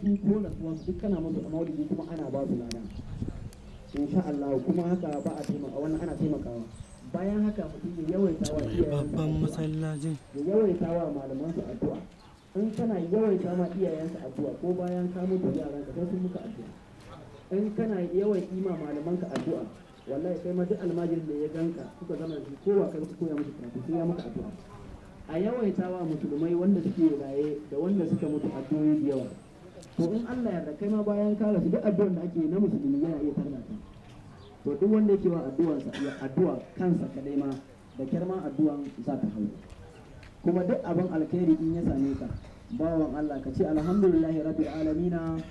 ko natsuwa duk kana musu a maulidi kuma ana ba su lada insha Allah kuma haka ba a taimaka wannan ana taimakawa bayan haka mutum ya yawaita wa babban masallacin ya yawaita wa malaman su addu'a in kana yawaita ma iyayensa addu'a ko bayan ka mutu yaran ka sai sun muka addu'a in kana yawaita ma malaman ka addu'a wallahi kai ma duk almajirin da ya ganka suka zama shi kowa kai kuka koya musu karatu sai ya muka addu'a a yawaita wa musulmai wanda suke raye da wanda suka mutu addu'o'i da yawa to in Allah yarda kai ma bayan ka rasu duk addu'ar da ake na musulmi yana iya tarda ta to duk wanda yake wa addu'a ya addu'a kansa kadai ma da kyar ma addu'an za ta hau kuma duk abin alkhairi in ya same ka bawan Allah ka ce alhamdulillahi rabbil